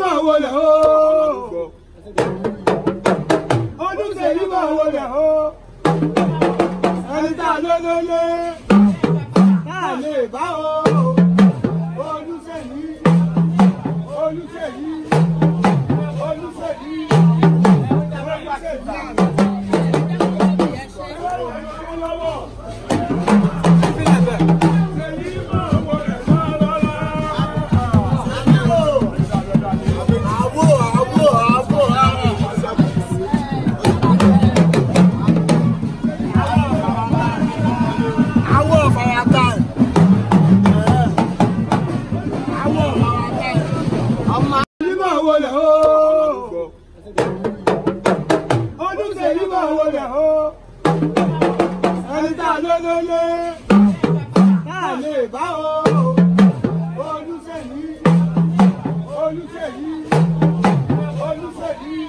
máa wọlé o. olùsèyí máa wọlé o. ẹni tá a lé lélé tá a lè bá o. olùsèyí olùsèyí olùsèyí olùsèyí. máa wọlé o. olùsèyí máa wọlé o. ẹni tá a lé lólé tá a lè bá o. olùsèyí olùsèyí olùsèyí olùsèyí.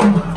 Thank you.